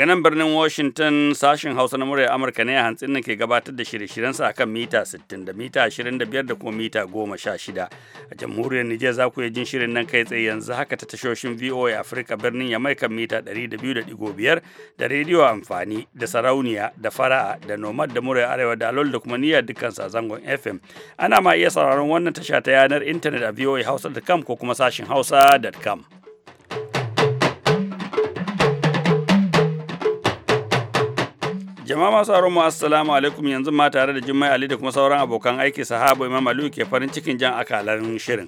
Daga nan birnin Washington sashen Hausa na muryar Amurka ne a hantsin nan ke gabatar da shirye-shiryensa kan mita 60 da mita 25 da kuma mita 16. A jamhuriyar Nijar za ku iya jin shirin nan kai tsaye yanzu haka ta tashoshin VOA afirka birnin Yamai kan mita 200.5 da rediyo amfani da sarauniya da fara'a da nomad da murya arewa da alol da kuma niyya dukkan zangon FM. Ana ma iya sauraron wannan tasha ta yanar intanet a voahausa.com ko kuma sashen hausa.com. Jama'a masu aron mu assalamu alaikum yanzu ma tare da Jummai Ali da kuma sauran abokan aiki sahabo Imam Aliyu ke farin cikin jan akalan shirin.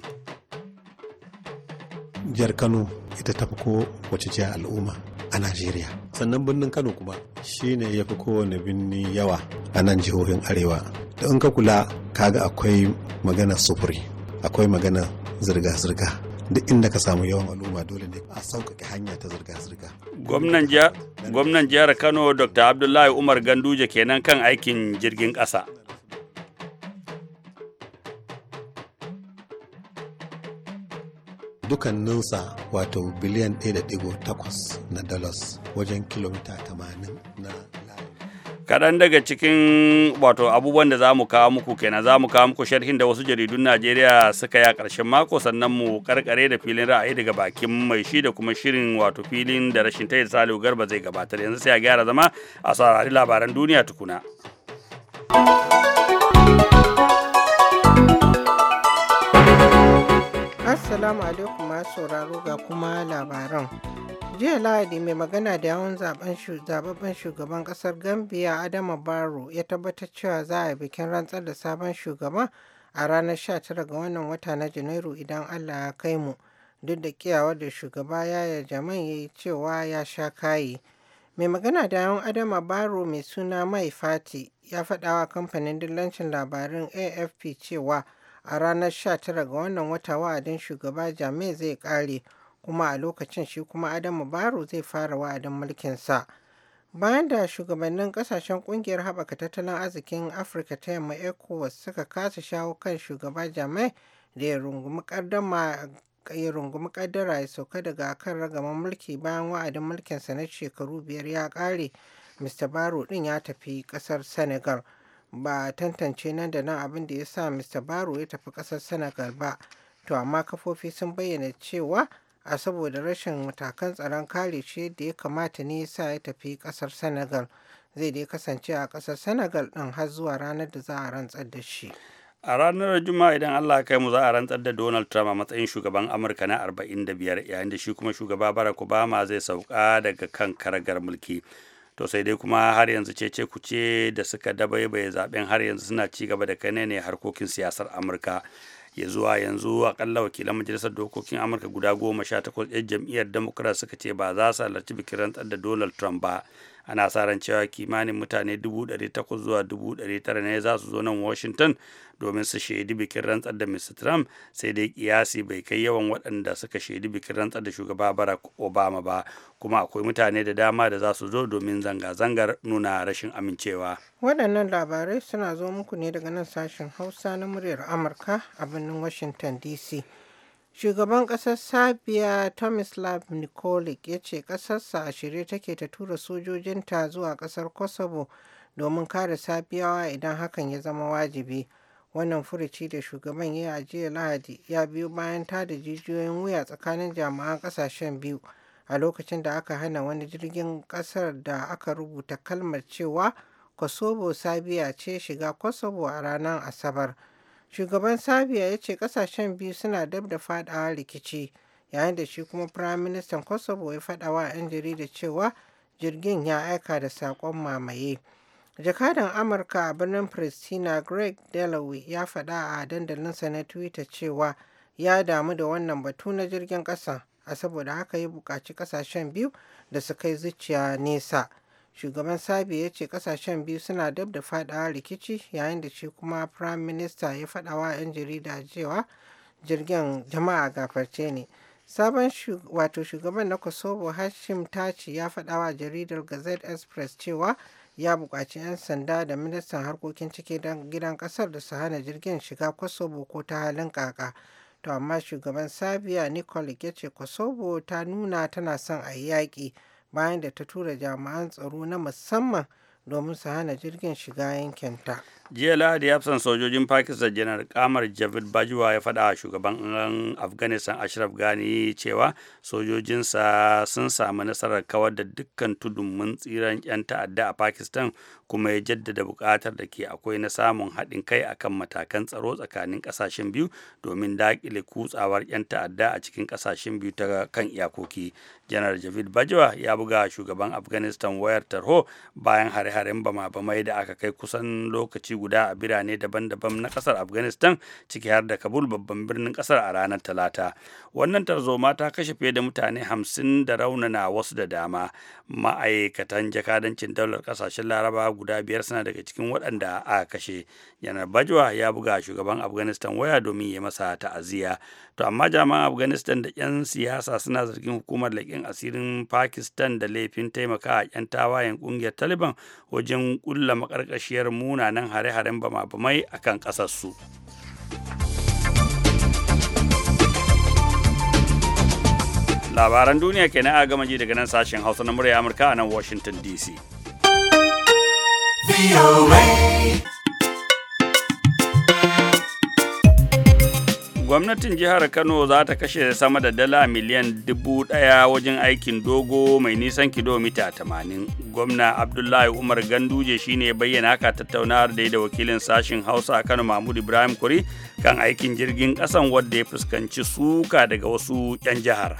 Jihar Kano ita ta fi wace jihar al'umma a Najeriya. Sannan birnin Kano kuma shine ne ya fi kowane birni yawa a nan jihohin Arewa. Da in ka kula kaga akwai magana sufuri, akwai magana zirga-zirga, duk inda ka samu yawan al'umma dole ne a sauƙaƙe hanya ta zirga-zirga. Gwamnan jihar Kano Dr. Abdullahi Umar Ganduje kenan kan aikin jirgin ƙasa. Dukanninsa wato biliyan 1.8 na dalas wajen kilomita 80 na kaɗan daga cikin wato abubuwan da za mu kawo muku kenan za mu kawo muku sharhin da wasu jaridun najeriya suka yi a ƙarshen mako sannan mu karkare da filin ra'ayi daga bakin mai shi da kuma shirin wato filin da rashin tayi salihu garba zai gabatar yanzu sai a gyara zama a saurari labaran duniya tukuna assalamu alaikum masu sauraro ga kuma labaran jiya lahadi mai magana da yawon zababben shugaban kasar gambia adama barrow ya tabbatar cewa za a yi bikin rantsar da sabon shugaba a ranar 19 ga wannan wata na janairu idan allah ya kai mu duk da kiyawar da shugaba yaya jaman ya yi cewa ya sha kayi mai magana da yawon adama barrow mai suna mai fati ya faɗawa kamfanin dillancin labarin afp cewa a ranar 19 ga wannan wata wa'adin shugaba Jami zai ƙare kuma a lokacin shi kuma Adamu Baro zai fara wa'adin mulkinsa. Bayan da shugabannin kasashen kungiyar haɓaka tattalin arzikin Afirka ta yamma ECOWAS suka kasa shawo kan shugaba Jamai da ya rungumi kaddara ya sauka daga kan ragaman mulki bayan wa'adin mulkinsa na shekaru biyar ya ƙare. Mr. Baro ɗin ya tafi ƙasar Senegal. Ba tantance nan da nan abin da ya sa Mr. Baro ya tafi ƙasar Senegal ba. To amma kafofi sun bayyana cewa a saboda rashin matakan tsaron kare shi da ya kamata ne sa ya tafi kasar senegal zai dai kasance a kasar senegal din har zuwa ranar da za a rantsar da shi a ranar juma'a idan allah kai mu za a rantsar da donald trump a matsayin shugaban amurka na 45 yayin da shi kuma shugaba barack obama zai sauka daga kan karagar mulki to sai dai kuma har yanzu ce ce kuce da suka dabaibaye zaben har yanzu suna ci gaba da kai ne harkokin siyasar amurka ya zuwa yanzu akalla wakilan majalisar dokokin amurka guda goma sha takwas yan jam'iyyar democrat suka ce ba za su halarci bikin rantsar da donald trump ba ana sa ran cewa kimanin mutane 800 zuwa 900 ne za su zo nan washington domin su shaidi bikin rantsar da mr trump sai dai kiyasi bai kai yawan waɗanda suka shaidi bikin rantsar da shugaba barack obama ba kuma akwai mutane da dama da za su zo domin zanga-zangar nuna rashin amincewa waɗannan labarai suna zo muku ne daga nan sashen hausa na muryar amurka a birnin washington dc Shugaban ƙasar Sabiya Tomislav Nikolic ya ce ƙasarsa a shirye take ta tura sojojinta zuwa ƙasar Kosovo domin kare Sabiyawa idan hakan ya zama wajibi. Wannan furuci da shugaban ya yi jiya Lahadi ya biyo bayan tada jijiyoyin wuya tsakanin jami'an ƙasashen biyu a lokacin da aka hana wani jirgin ƙasar da aka rubuta kalmar cewa Kosovo Sabiya ce shiga Kosovo a ranar Asabar. Shugaban Sabia ya ce kasashen biyu suna dab da fadawa rikici, yayin da shi kuma Firaministan Kosovo ya fadawa wa 'yan jarida cewa jirgin ya aika da sakon mamaye. Jakadan Amurka a birnin Pristina Greg Dalloway ya fada a dandalinsa na Twitter cewa ya damu da wannan batu na jirgin ƙasa, a saboda haka ya buƙaci ƙasashen biyu da su kai zuciya nesa. shugaban sabi ya ce kasashen biyu suna dab da fadawa rikici yayin da shi kuma prime minister ya fadawa 'yan jarida cewa jirgin jama'a gafarce ne sabon wato shugaban na kosovo hashim taci ya fadawa jaridar gazette express cewa ya buƙaci 'yan sanda da ministan harkokin ciki gidan ƙasar da su hana jirgin shiga kosovo ko ta halin kaka to amma shugaban sabiya nikolic ya ce kosovo ta nuna tana son a yi yaƙi bayan da ta tura jami'an tsaro na musamman domin su hana jirgin shiga yankinta jiya lahadi hafsan sojojin pakistan janar kamar javid bajwa ya faɗa shugaban afghanistan ashraf gani cewa sojojinsa sun samu nasarar kawar da dukkan tudun mun tsiran 'yan ta'adda a pakistan kuma ya jaddada buƙatar da ke akwai na samun haɗin kai akan matakan tsaro tsakanin ƙasashen biyu domin daƙile kutsawar 'yan ta'adda a cikin ƙasashen biyu ta kan iyakoki janar javid bajwa ya buga shugaban afghanistan wayar tarho bayan hare-haren bama-bamai da aka kai kusan lokaci guda a birane daban-daban na kasar afghanistan ciki har da kabul babban birnin kasar a ranar talata wannan tarzoma ta kashe fiye da mutane hamsin da raunana wasu da dama ma'aikatan jakadancin daular kasashen laraba guda biyar suna daga cikin waɗanda a kashe janar bajwa ya buga shugaban afghanistan waya domin ya masa ta'aziyya to amma jami'an afghanistan da 'yan siyasa suna zargin hukumar laƙin asirin pakistan da laifin taimaka 'yan tawayen ƙungiyar taliban wajen ƙulla maƙarƙashiyar munanan hare-haren bama-bamai a kan ƙasarsu. Labaran duniya ke na gama ji daga nan sashen Hausa na murya Amurka a nan Washington DC. gwamnatin jihar kano za ta kashe sama da dala miliyan dubu daya wajen aikin dogo mai nisan kilomita 80 gwamna abdullahi umar ganduje shine bayyana haka tattaunawar da da wakilin sashen hausa kano mahmud ibrahim kuri kan aikin jirgin kasan wadda ya fuskanci suka daga wasu 'yan jihar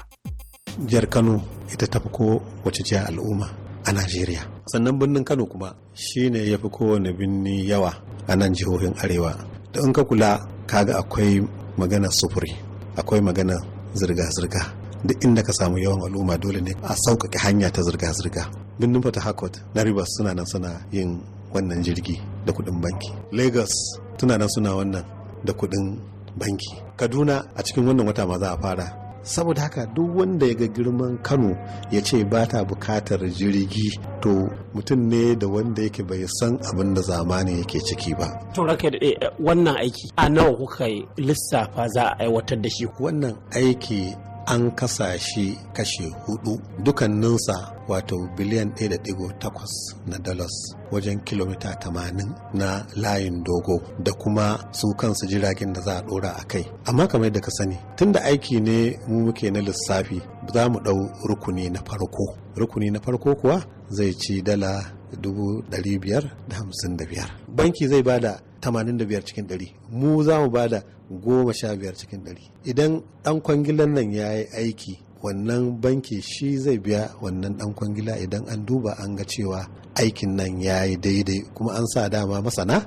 jihar kano ita tafi ko wace jihar al'umma a najeriya sannan birnin kano kuma shine ya fi kowane birni yawa a nan jihohin arewa da in ka kula kaga akwai magana sufuri akwai magana zirga-zirga duk inda ka samu yawan al'umma dole ne a sauƙaƙe hanya ta zirga-zirga birnin fata harcourt na rivers suna nan suna yin wannan jirgi da kuɗin banki lagos tuna nan suna wannan da kuɗin banki kaduna a cikin wannan wata ma za a fara saboda haka duk wanda ya ga girman kano ya ce ba ta bukatar jirgi to mutum ne da wanda yake bai san abin da zamani yake ciki ba to raka da eh, wannan aiki a nawa kuka lissafa za a aiwatar da shi wannan aiki an kasa shi kashe hudu dukanninsa wato biliyan 1.8 na dalas wajen kilomita 80 na layin dogo da kuma su kansu jiragen da za a dora a kai amma kamar da ka sani tun da aiki ne mu muke na lissafi za mu dau rukuni na farko rukuni na farko kuwa zai ci dala 555 banki zai bada 85 cikin 100 mu za mu bada goma sha biyar cikin ɗari idan ɗan kwangilan nan ya yi aiki wannan banki shi zai biya wannan ɗan kwangila idan an duba an ga cewa aikin nan ya yi daidai kuma an sa dama masana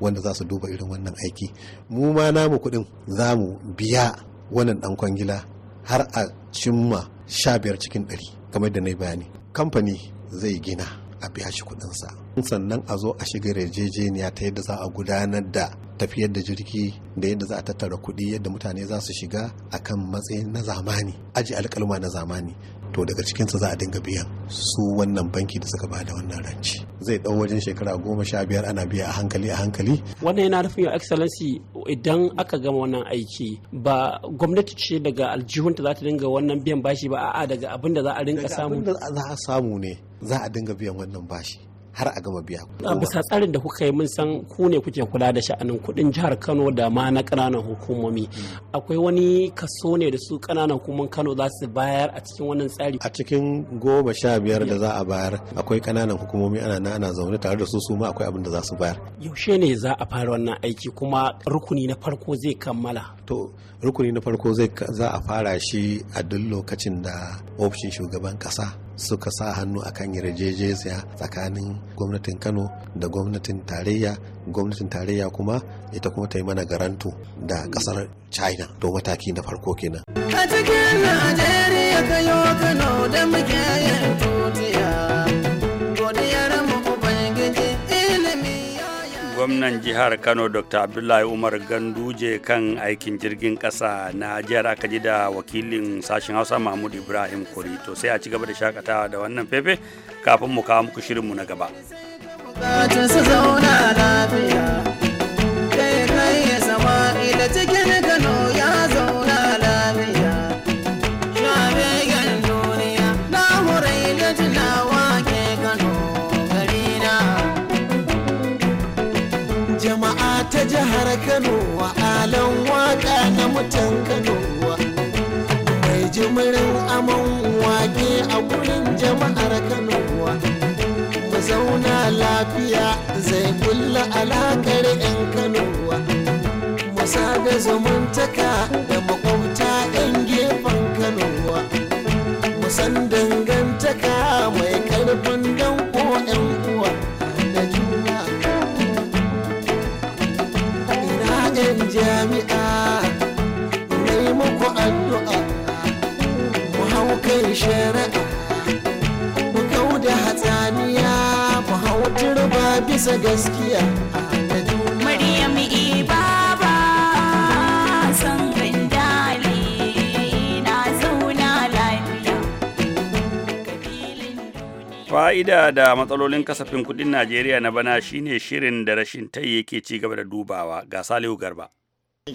wanda za su duba irin wannan aiki mu ma namu kuɗin za mu biya wannan ɗan kwangila har a cimma sha biyar cikin ɗari kamar da na yi bayani kamfani zai gina a biya shi kuɗinsa sannan a zo a shiga yarjejeniya ta yadda za a gudanar da tafiyar da jirgi da yadda za a tattara kuɗi yadda mutane za su shiga a kan matsayin na zamani aji alƙalma na zamani to daga cikinsa za a dinga biyan su wannan banki da suka bada wannan ranci zai ɗau wajen shekara goma sha biyar ana biya a hankali a hankali wannan yana nufin your excellency idan aka gama wannan aiki ba gwamnati ce daga aljihunta za ta dinga wannan biyan bashi ba a'a daga abin da za a rinka samu za a samu ne za a dinga biyan wannan bashi har a gama biya. a bisa tsarin da kuka yi mun san ku ne kuke kula da sha'anin kudin jihar kano da ma na ƙananan hukumomi akwai wani kaso ne da su ƙananan hukumomin kano za su bayar a cikin wannan tsari. a cikin goma sha biyar da za a bayar akwai ƙananan hukumomi ana na ana zaune tare da su su ma akwai abin da za su bayar. yaushe ne za a fara wannan aiki kuma rukuni na farko zai kammala. to rukuni na farko zai za a fara shi a duk lokacin da ofishin shugaban kasa suka sa hannu a kan yarjejeniya tsakanin gwamnatin kano da gwamnatin tarayya gwamnatin tarayya kuma ita kuma ta yi mana garanto da kasar china to mataki na farko kenan a cikin najeriya kayo kano da muke yin gwamnan jihar kano dr abdullahi umar ganduje kan aikin jirgin kasa na jihar aka ji da wakilin sashen hausa mahmud ibrahim kuri to sai a ci gaba da shakatawa da wannan fefe kafin mu kawo muku shirinmu na gaba. ta jihar kano wa alan waka na mutan kano wa, mai jimirin aman wake a gurin jama'ar kano wa. mu zauna lafiya zai kulla alakar 'yan kano wa. mu sada zumuntaka da makwabta 'yan gefen kano wa, mu san bisa gaskiya a maryam san na zauna lafiya fa'ida da matsalolin kasafin kudin najeriya na bana shine shirin da rashin tai yake ci gaba da dubawa ga salihu garba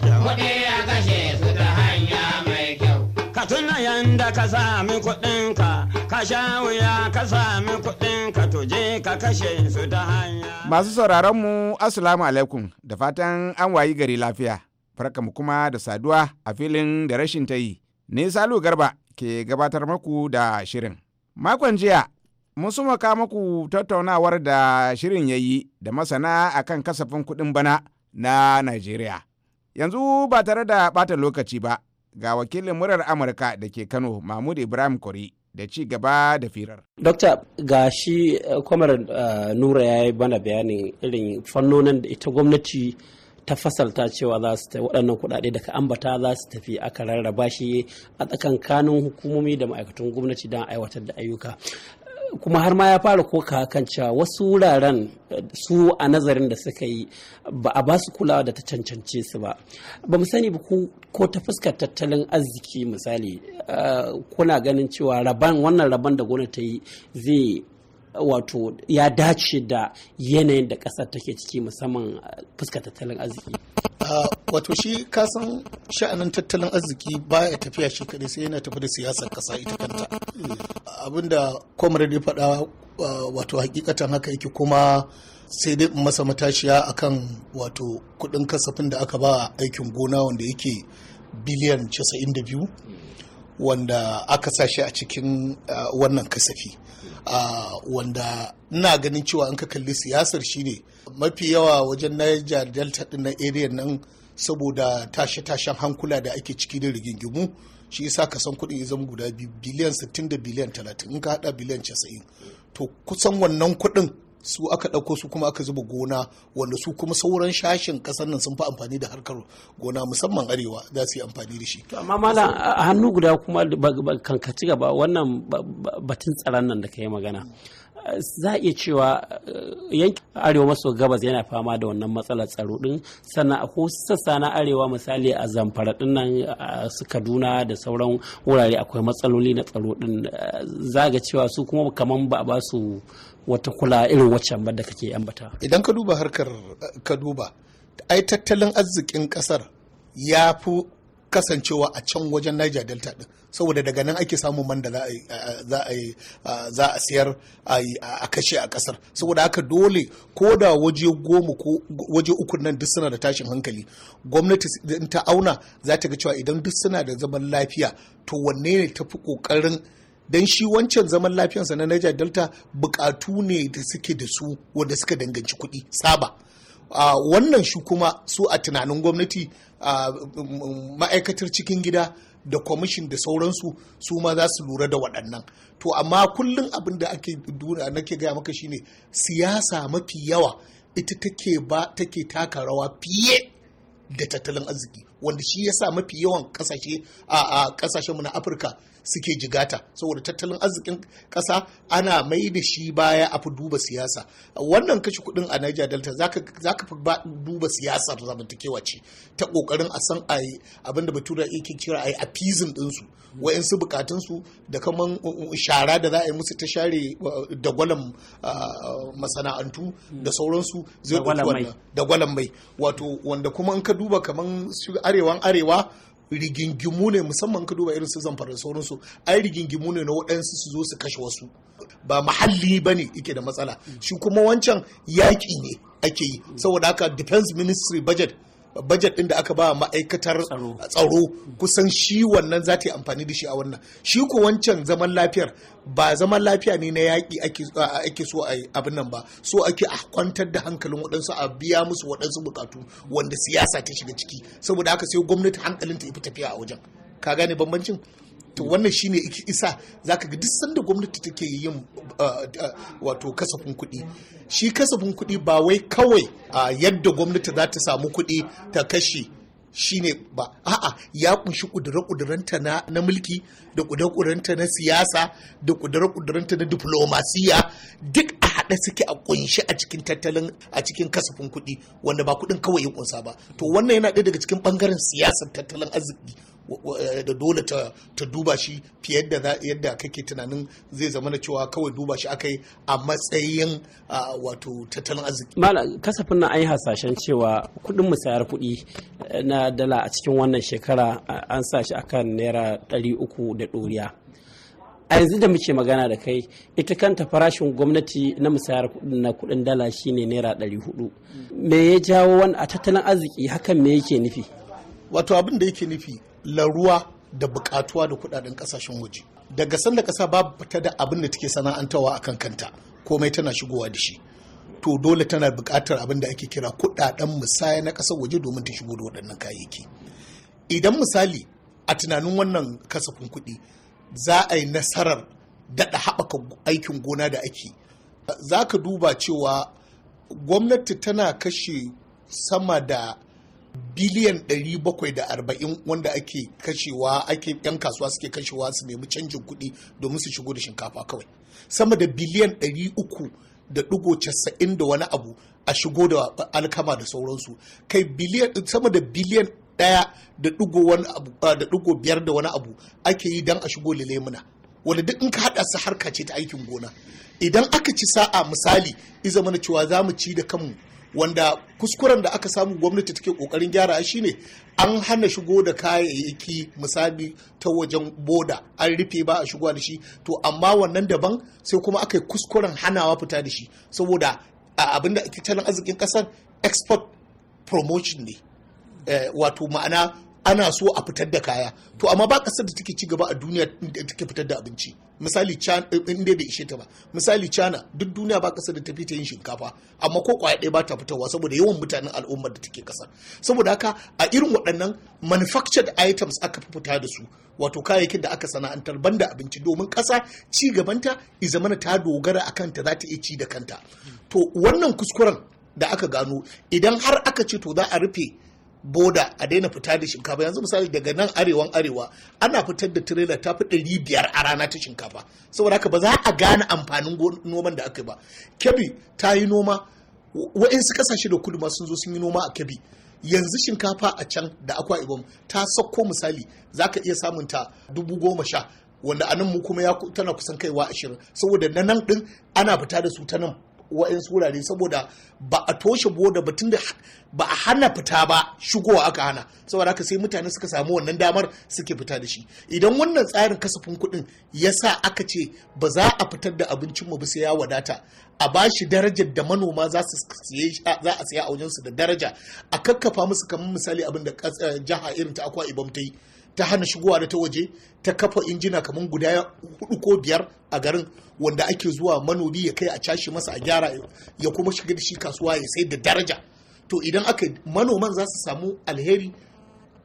kuɗi a kashe su ta hanya mai kyau ka tuna yanda ka sami kuɗinka ka sha wuya ka sami kashe su ta hanya. Masu sauraron mu Assalamu alaikum da fatan an wayi gari lafiya. mu kuma da saduwa a filin da rashin ta yi. ni Salu Garba ke gabatar maku da shirin. Makon jiya mun sumaka maku tattaunawar da shirin ya yi da masana a kan kasafin kuɗin bana na Najeriya. Yanzu ba tare da ɓata lokaci ba ga wakilin murar Amurka da ke Kano Mahmud Ibrahim Kori da ci gaba da firar. Dokta ga shi eh, kwamar eh, Nura ya yi bana bayanin irin fannonin da ita gwamnati ta fasalta cewa za su waɗannan kuɗaɗe da ambata za su tafi aka rarraba shi a tsakankanin hukumomi da ma'aikatan gwamnati don aiwatar da ayyuka kuma har ma ya fara koka kan cewa wasu wuraren su a nazarin da suka yi ba a basu su kulawa da ta cancance su ba ba mu sani ba ko ta fuskar tattalin arziki misali eh, kuna ganin cewa raban wannan raban da gwamnati ta yi zai wato ya dace da yanayin da ƙasar take ciki musamman uh, fuskar tattalin arziki ah, wato shi kasan sha'anin tattalin arziki ba ya tafiya shi kadai sai yana tafi da siyasar ƙasa ita kanta hmm. abinda kwamar da faɗa ah, wato hakikatan haka yake kuma sai dai masa matashiya akan wato kuɗin kasafin da aka ba aikin gona wanda yake biliyan 92 wanda aka sashi a cikin uh, wannan kasafi uh, wanda ina ganin cewa an ka kalli siyasar shi ne. mafi yawa wajen niger delta din na area nan saboda tashe-tashen hankula da ake ciki da rigingimu shi yasa ka san kuɗin ya zama guda biyu biliyan 60 da biliyan 30 in ka hada biliyan 90 to kusan wannan kuɗin su aka ɗauko su kuma aka zuba gona wanda su kuma sauran shashin ƙasar nan sun fi amfani da harkar gona musamman arewa za su yi amfani da shi. amma malam hannu guda kuma kan ka ci gaba wannan batun tsaron nan da ka yi magana. za a iya cewa eh, yankin arewa maso gabas yana fama da wannan matsalar tsaro din sannan a sassa na arewa misali a zamfara dinnan su kaduna da sauran wurare akwai matsaloli na tsaro din eh, za ga cewa su kuma kamar ba ba su wata kula irin waccan da kake ambata idan ka duba harkar ka duba ai tattalin arzikin kasar ya fi kasancewa a can wajen Niger Delta din saboda daga nan ake samun man da za a siyar a kashe a kasar saboda haka dole ko da waje goma ko waje uku nan duk suna da tashin hankali gwamnati ta auna za ta ga cewa idan duk suna da zaman lafiya to wanne ne tafi kokarin don shi wancan zaman lafiyansa na Niger Delta bukatu ne da suke da su wanda suka danganci kuɗi saba wannan shi kuma su a tunanin gwamnati ma'aikatar cikin gida da kwamishin da sauransu su ma za su lura da waɗannan to amma kullum abin da ake duna nake gaya maka shine siyasa mafi yawa ita take ba take taka rawa fiye da tattalin arziki wanda shi ya sa mafi yawan kasashe a kasashenmu na afirka suke jigata saboda tattalin arzikin kasa ana mai da shi baya a fi duba siyasa wannan kashe kudin a niger delta za ka fi duba siyasar zamantakewa ce ta kokarin a san a yi abinda batura yake kira a yi dinsu wa'yansu bukatunsu da kaman shara da za a yi musu ta share da gwalan masana'antu da sauransu zai da gwalan mai wato wanda kuma in ka duba kaman arewan arewa rigingimu ne musamman ka duba irin su zamfara da sauransu ai rigingimu ne na waɗansu su zo su kashe wasu ba mahalli ba ne yake da matsala shi kuma wancan yaƙi ne ake yi saboda haka defense ministry budget Bajet din da aka ba ma'aikatar tsaro kusan shi wannan za ta yi amfani da shi a wannan shi ko wancan zaman lafiyar ba zaman lafiya ne na yaƙi ake so a abin nan ba so ake a kwantar da hankalin waɗansu a biya musu waɗansu bukatu wanda siyasa ta shiga ciki saboda haka sai gwamnati hankalinta ya fi tafiya a wajen ka gane bambancin to wannan shine isa zaka ga duk sanda gwamnati take yin uh, uh, wato kasafin kuɗi shi kasafin kuɗi ba wai kawai a yadda gwamnati za ta samu kuɗi ta kashe shine ba a'a ya kunshi kudura-kuduranta na, mulki da kudura-kuduranta na siyasa da kudura-kuduranta na diplomasiya duk haɗe suke a kunshi a cikin tattalin a cikin kasafin kuɗi wanda ba kuɗin kawai ya kunsa ba to wannan yana ɗaya daga cikin ɓangaren siyasar tattalin arziki eh, da dole ta, duba shi fiye da yadda kake tunanin zai zama na cewa kawai duba shi akai a matsayin wato tattalin arziki. Mala kasafin na an yi hasashen cewa kuɗin musayar kuɗi eh, na dala a cikin wannan shekara an sa shi akan naira ɗari uku da ɗoriya. a yanzu da muke magana da kai ita kanta farashin gwamnati na musayar na kudin dala shine naira ɗari hudu me ya jawo wani a tattalin arziki hakan me yake nufi wato abin da yake nufi laruwa da bukatuwa da kudaden kasashen waje daga sanda kasa babu fita da abin da take sana'antawa a kan kanta komai tana shigowa da shi to dole tana bukatar abin da ake kira kudaden musaya na kasar waje domin ta shigo da waɗannan kayayyaki idan misali a tunanin wannan kasafin kuɗi za a yi nasarar daɗa haɓaka aikin gona da ake za ka duba cewa gwamnati tana kashe sama da biliyan 740 wanda ake kashewa ake yan kasuwa suke kashewa su nemi canjin kuɗi domin su shigo da shinkafa kawai sama da biliyan 300 da ɗigo casa'in da wani abu a shigo da alkama da sauransu kai biliyan sama da biliyan ɗaya ah, da ɗigo biyar da wani abu ake yi don a shigo lemuna wanda duk in ka haɗa su harka ce ta aikin gona idan aka ci sa'a misali iza mana cewa za mu ci da kanmu wanda kuskuren da aka samu gwamnati take kokarin gyara shi ne an hana shigo da kayayyaki misali ta wajen boda an rufe ba a shigo da shi to amma wannan daban sai kuma aka yi kuskuren hanawa fita da shi saboda ah, abinda ake tattalin arzikin kasar export promotion ne Eh, wato ma'ana ana so a fitar da kaya to amma ba kasar da take ci gaba a duniya da take fitar da abinci misali china eh, inda bai ishe ta ba misali china duk duniya ba kasar da ta fita yin shinkafa amma ko kwaya ɗaya ba ta fitarwa saboda yawan mutanen al'ummar da take kasar saboda haka a irin waɗannan manufactured items aka fi fita da su wato kayayyakin da aka sana'antar banda abinci domin kasa ci gabanta izamana ta dogara a kanta za ta iya ci da kanta to wannan kuskuren da aka gano idan har aka ce to za a rufe boda a daina fita da shinkafa yanzu misali daga nan arewan arewa ana fitar da tirela ta fi ɗari biyar a rana ta shinkafa saboda haka ba za a gane amfanin noman da aka yi ba kebi ta yi noma wa'insu kasashe da kudu sun zo sun yi noma a kebi yanzu shinkafa a can da akwa ibom ta sauko misali za ka iya samun ta dubu goma sha wanda anan mu kuma tana kusan kaiwa ashirin saboda na nan din ana fita da su ta nan wa'insu wurare saboda ba a toshe boda batun da ba a hana fita ba shigowa aka hana saboda haka sai mutane suka samu wannan damar suke fita da shi idan wannan tsarin kasafin kuɗin ya sa aka ce ba za a fitar da abincin mu ba sai ya wadata a ba shi darajar da manoma za a siya a wajensu da daraja a kakkafa musu kamar misali abin da eh, jiha irin ta akwa ibam ta yi ta hana shigowa da ta waje ta kafa injina kamar guda hudu ko biyar a garin wanda ake zuwa manomi ya kai a cashe masa a gyara ya kuma shiga da shi kasuwa ya sai da daraja to idan aka manoman za su samu alheri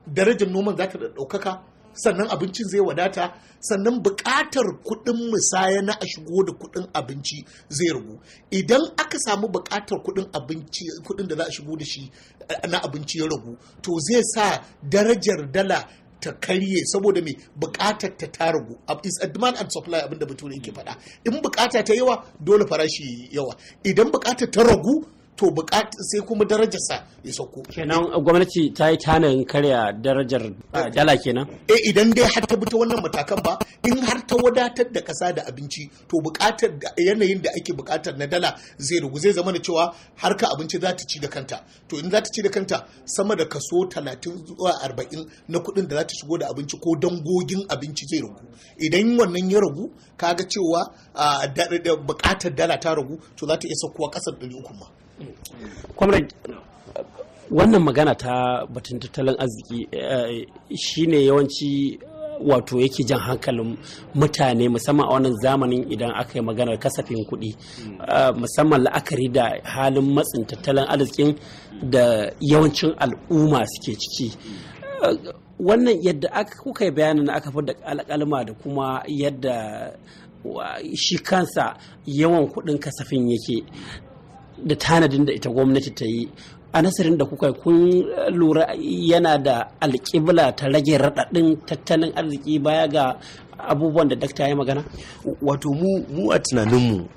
darajar noman za ta ɗaukaka sannan abincin zai wadata sannan buƙatar kuɗin misaya na a shigo da kuɗin abinci zai ragu idan aka samu buƙatar kuɗin abinci kuɗin da za a shigo da shi eh, na abinci ya ragu to zai sa darajar dala ta karye saboda mai bukatar ta ta ragu is a demand and supply abinda bature yake faɗa in bukata ta yawa dole farashi yawa idan bukatar ta ragu to bukat sai kuma darajarsa ya sauko kenan gwamnati ta yi tanayin karya darajar ah, dala kenan eh idan dai har ta bi wannan matakan ba in har ta wadatar da kasa da abinci to bukatar yanayin da ake bukatar na dala zai rugu zai zama da cewa harka abinci za ta ci da kanta to in za ta ci da kanta sama da kaso 30 zuwa 40 na kuɗin da za ta shigo da abinci ko dangogin abinci zai ragu idan wannan ya ragu kaga cewa ah, bukatar dala ta ragu to za ta iya saukowa kasar 300 ma comrade wannan magana ta batun tattalin arziki eh, shine yawanci wato yake jan hankalin mutane musamman a wannan zamanin idan aka yi maganar kasafin kuɗi eh, musamman la'akari da halin matsin tattalin arzikin da yawancin al'umma suke ciki eh, wannan yadda aka kuka yi bayanin aka fi da alƙalma da kuma yadda shi kansa yawan kuɗin kasafin yake da tanadin da ita gwamnati ta yi a nasirin da kuka kun lura yana da alƙibla ta rage raɗaɗin tattalin arziki baya ga abubuwan da dakta ya magana? wato mu a tunaninmu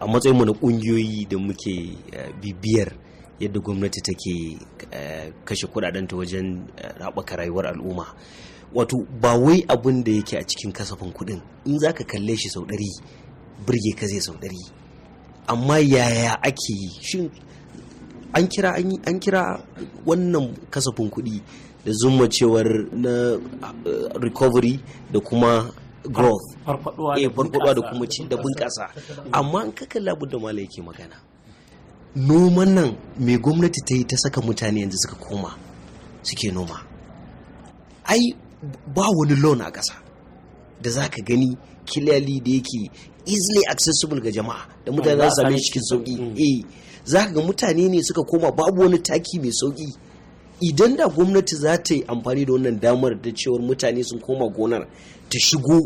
a matsayinmu na ƙungiyoyi da muke bibiyar yadda gwamnati take kashe ta wajen haɓaka rayuwar al'umma wato ba wai abin da yake a cikin kasafin kuɗin in za ka kalle shi sau ɗari birge ka zai sau ɗari amma yaya ake yi shin an kira an kira wannan kasafin kuɗi da zuma cewar na eh, recovery da kuma growth eh, farfaɗuwa da kuma ci da bunƙasa amma an kaka labu da mala yake magana noman nan mai gwamnati ta yi ta saka mutane yanzu suka koma suke noma ai ba wani loan a ƙasa da za ka gani clearly da yake easily accessible ga jama'a da mutane za su same cikin sauki mm. eh za ga mutane ne suka koma babu wani taki mai sauki idan da gwamnati za ta yi amfani da wannan damar da cewar mutane sun koma gonar ta shigo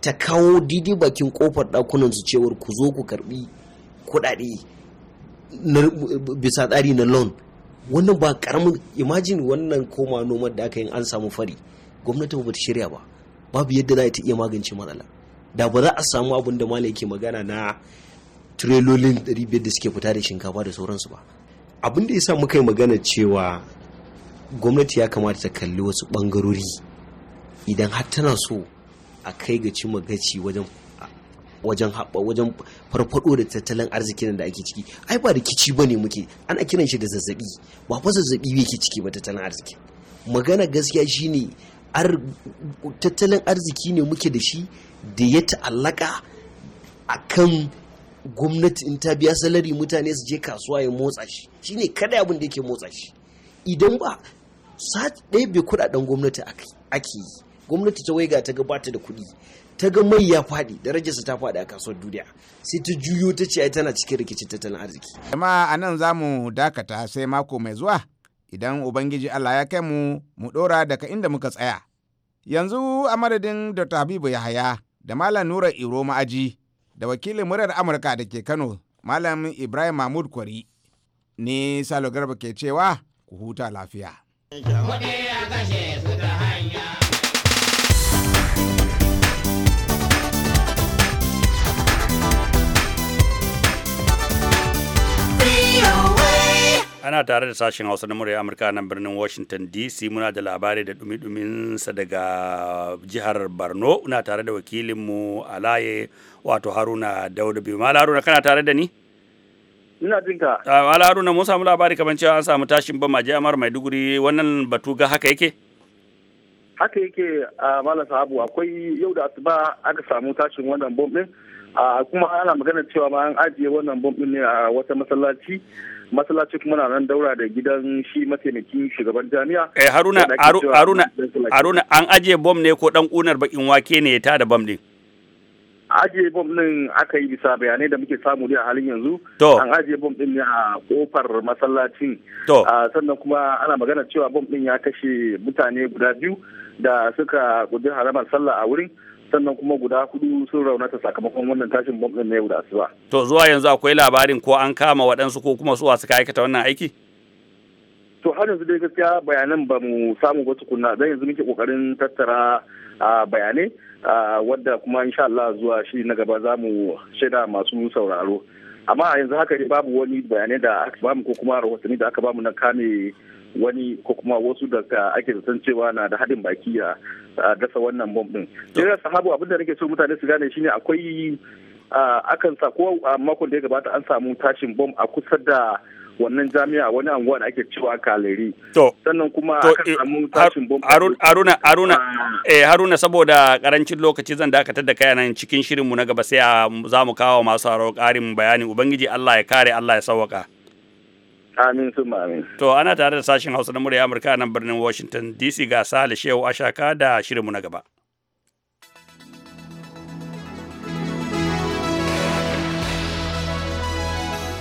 ta kawo didi bakin kofar dakunan su cewar ku zo ku karbi kuɗaɗe bisa tsari na loan wannan ba karamin imagine wannan koma noman da aka yi an samu fari gwamnati ba ta shirya ba babu yadda za ta iya magance matsalar da ba za a samu abin da malam yake magana na tirelolin 500 da suke fita da shinkafa da sauransu ba abin da ya sa muka yi magana cewa gwamnati ya kamata ta kalli wasu bangarori idan har tana so a kai ga cimma gaci wajen wajen haɓa wajen farfado da tattalin arzikin da ake ciki ai ba rikici ba ne muke ana kiran shi da zazzabi ba fa zazzabi yake ciki ba tattalin arziki magana gaskiya shine tattalin arziki ne muke da shi da ya ta'allaka a kan gwamnati in ta biya salari mutane su je kasuwa ya motsa shi Shi ne, kada abin da yake motsa shi idan ba sati ɗaya bai kudaden gwamnati ake yi gwamnati ta waiga ta gabata da kuɗi ta ga mai ya faɗi darajarsa ta faɗi a kasuwar duniya sai ta juyo ta ce ai tana cikin rikicin tattalin arziki. jama'a anan za mu dakata sai mako mai zuwa idan Ubangiji Allah ya kai mu mu ɗora daga inda muka tsaya. Yanzu a madadin Dr. Habibu Yahaya da Malam Nura Iro Ma'aji da wakilin murar Amurka da ke Kano Malam Ibrahim Mahmud Kwari ne Salo Garba ke cewa ku huta lafiya. a kashe su hanya. ana tare da sashen hausa na murya amurka nan birnin washington dc muna da labari da dumi-duminsa daga jihar borno na tare da wakilinmu alaye wato haruna dauda biyu mala haruna kana tare da ni ina jinka ah, mala haruna mun samu labari kamar cewa an samu tashin bam amar mai maiduguri wannan batu ga haka yake haka yake a ah, mala sahabu akwai yau da asuba aka samu tashin wannan bombin din ah, kuma ana magana cewa ma an ajiye wannan bombin ne a wata masallaci masallacin muna nan daura da gidan shi mataimakin shugaban jami'a eh haruna haruna haruna an ajiye bom ne ko dan kunar bakin wake ne ya tada bom din ajiye bom din aka yi bisa bayanai da muke samu a halin yanzu an ajiye bom din ne a kofar masallacin ah, sannan kuma ana magana cewa bom din ya kashe mutane guda biyu da suka gudun haramar sallah a wurin sannan kuma guda hudu sun raunata sakamakon wannan tashin bom din na yau da asuba to zuwa yanzu akwai labarin ko an kama waɗansu ko kuma suwa suka aikata wannan aiki to har yanzu dai gaskiya bayanan ba mu samu ba tukunna dan yanzu muke kokarin tattara bayanai wadda kuma insha Allah zuwa shi na gaba za mu shaida masu sauraro amma yanzu haka babu wani bayanai da aka bamu ko kuma rahotanni da aka bamu na kame wani ko kuma wasu da ah, ake zaton cewa na da haɗin baki a dasa wannan bom din. Jira sahabu abinda nake so mutane su gane shine akwai ah, akan sa ko makon da ya gabata an samu tashin bom a kusa da wannan jami'a wani anguwa da ake cewa kaleri. sannan kuma akan eh, samu tashin bom. Haruna, Haruna, eh, Haruna saboda karancin lokaci zan dakatar da kai nan cikin shirinmu na gaba sai ah, za mu kawo masu haro karin bayani Ubangiji Allah ya kare Allah ya sauwaka. Amin sun amin. To ana tare da sashen Hausa na murya Amurka nan birnin Washington DC ga Sale Shehu Ashaka da shirinmu na gaba.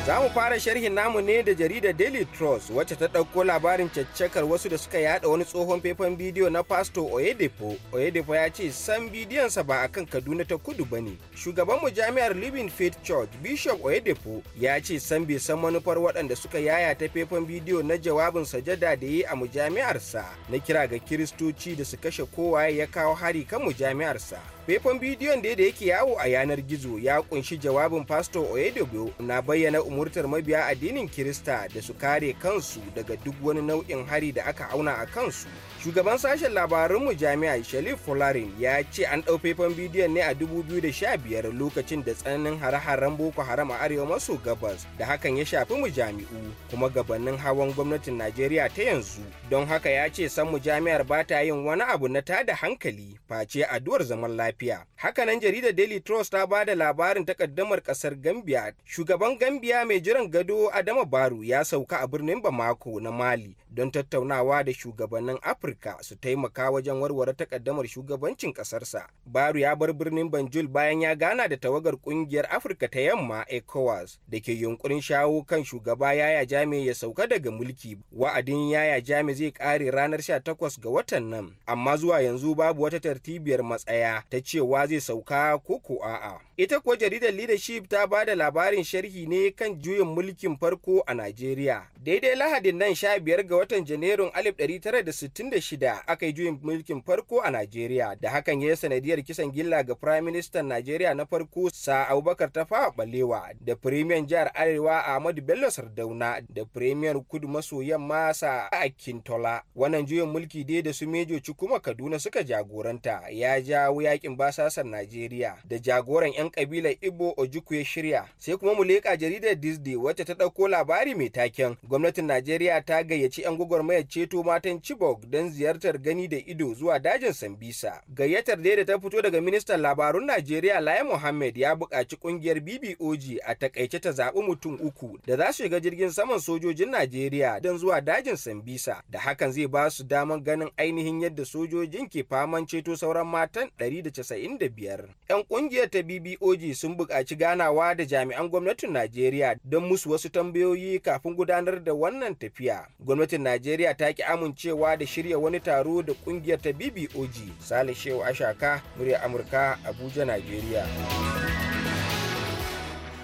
Za mu fara sharhin namu ne da jaridar Daily Trust wacce ta ɗauko labarin caccakar wasu da suka yada wani tsohon faifan bidiyo na Pastor Oyedepo. Oyedepo ya ce san bidiyonsa ba akan Kaduna ta kudu ba ne. Shugaban mu jami'ar Living Faith Church Bishop Oyedepo ya ce san bai san manufar waɗanda suka yaya ta faifan bidiyo na jawabin sajada da yi a mujami'arsa na kira ga kiristoci da su kashe kowaye ya kawo hari kan mujami'arsa. faifan bidiyon da yake yawo a yanar gizo ya kunshi jawabin pastor oyedobo na bayyana umurtar mabiya addinin kirista da su kare kansu daga duk wani nau'in hari da aka auna a kansu shugaban sashen labarunmu jami'a shalif fularin ya ce an ɗau faifan bidiyon ne a 2015 lokacin da tsananin hare-haren boko haram a arewa maso gabas da hakan ya shafi mu jami'u kuma gabanin hawan gwamnatin najeriya ta yanzu don haka ya ce san mu jami'ar ba ta yin wani abu na tada hankali face addu'ar zaman lafiya hakanan jaridar daily trust ta ba da labarin takaddamar kasar gambia shugaban gambia mai jiran gado adama baru ya sauka a birnin bamako na mali don tattaunawa da shugabannin afirka Amurka su taimaka wajen warware takaddamar shugabancin ƙasarsa. Baru ya bar birnin Banjul bayan ya gana da tawagar ƙungiyar Afirka ta Yamma ECOWAS da ke yunkurin shawo kan shugaba Yaya Jame ya sauka daga mulki. Wa'adin Yaya Jame zai ƙare ranar 18 ga watan nan, amma zuwa yanzu babu wata tartibiyar matsaya ta cewa zai sauka ko ko a'a. Ita kuwa jaridar Leadership ta ba da labarin sharhi ne kan juyin mulkin farko a Najeriya. Daidai Lahadin nan 15 ga watan Janairun 1960 2006 aka yi juyin mulkin farko a Najeriya da hakan ya yi sanadiyar kisan gilla ga Prime Minister Najeriya na farko sa Abubakar tafa Balewa da Premier Jihar Arewa Ahmadu Bello Sardauna da Premier Kudu maso yamma sa Akintola. Wannan juyin mulki dai da su Mejo kuma Kaduna suka jagoranta ya jawo yakin basasar Najeriya da jagoran 'yan kabilar Igbo Ojukwu ya shirya. Sai kuma mu leƙa jaridar Disney wacce ta ɗauko labari mai taken gwamnatin Najeriya ta gayyaci 'yan gwagwarmayar ceto matan Chibok don don ziyartar gani da ido zuwa dajin Sambisa. Gayyatar dai da ta fito daga ministan labarun Najeriya Lai Mohammed ya buƙaci ƙungiyar BBOG a takaice ta zaɓi mutum uku da za su shiga jirgin saman sojojin Najeriya don zuwa dajin Sambisa da hakan zai ba su daman ganin ainihin yadda sojojin ke faman ceto sauran matan ɗari da da casa'in biyar. 'Yan ƙungiyar ta BBOG sun buƙaci ganawa da jami'an gwamnatin Najeriya don musu wasu tambayoyi kafin gudanar da wannan tafiya. Gwamnatin Najeriya ta ki amincewa da shirya shirya wani taro da kungiyar ta BBOG Sale Shehu Ashaka murya Amurka Abuja Nigeria.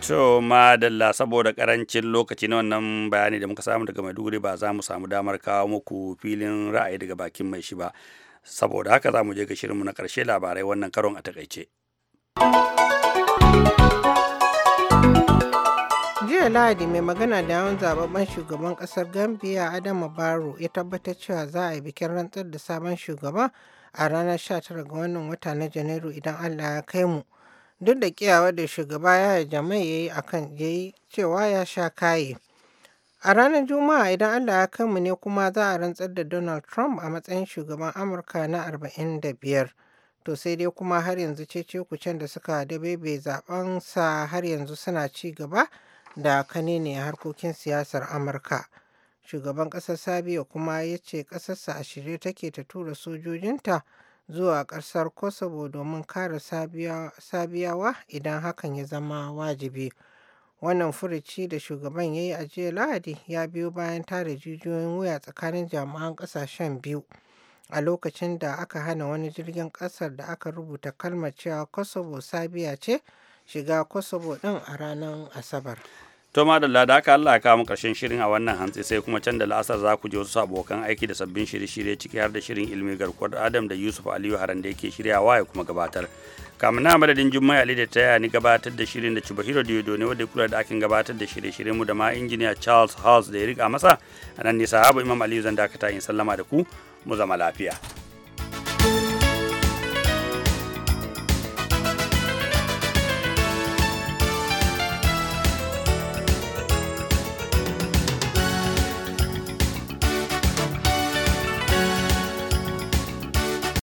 To madalla saboda karancin lokaci na wannan bayani da muka samu daga Maiduguri ba za mu samu damar kawo muku filin ra'ayi daga bakin mai shi ba. Saboda haka za mu je ga shirinmu na karshe labarai wannan karon a takaice. jiya lahadi mai magana da yawan zababben shugaban kasar gambia adamu baro ya tabbatar cewa za a yi bikin rantsar da sabon shugaba a ranar 19 ga wannan wata na janairu idan allah ya kai mu duk da kiyawa da shugaba ya yi jama'a ya yi akan ya yi cewa ya sha kaye a ranar juma'a idan allah ya kai mu ne kuma za a rantsar da donald trump a matsayin shugaban amurka na 45 to sai dai kuma har yanzu cece kucen da suka bebe zaben sa har yanzu suna ci gaba da kanene harkokin siyasar amurka shugaban ƙasar sabiya kuma ya ce ƙasarsa a shirye take ta tura sojojinta zuwa ƙasar kosovo domin kare sabiyawa idan hakan ya zama wajibi wannan furuci da shugaban ya yi a jiya lahadi ya biyo bayan tare jijiyoyin wuya tsakanin jami'an ƙasashen biyu a lokacin da aka hana wani jirgin ƙasar da aka rubuta kalmar cewa kosovo sabiya ce shiga kosovo ɗin a ranar asabar to madalla da aka Allah ya mu karshen shirin a wannan hantsi sai kuma can da la'asar za ku je wasu abokan aiki da sabbin shirye-shirye ciki har da shirin ilmi garkuwar adam da yusuf aliyu haran da yake shiryawa ya kuma gabatar kamun na madadin jummai ali da taya ni gabatar da shirin da chubahiro diodo ne wadda kula da akin gabatar da shirye-shiryen mu da ma injiniya charles house da ya rika masa a nan ne sahabu imam aliyu zan dakata in sallama da ku mu zama lafiya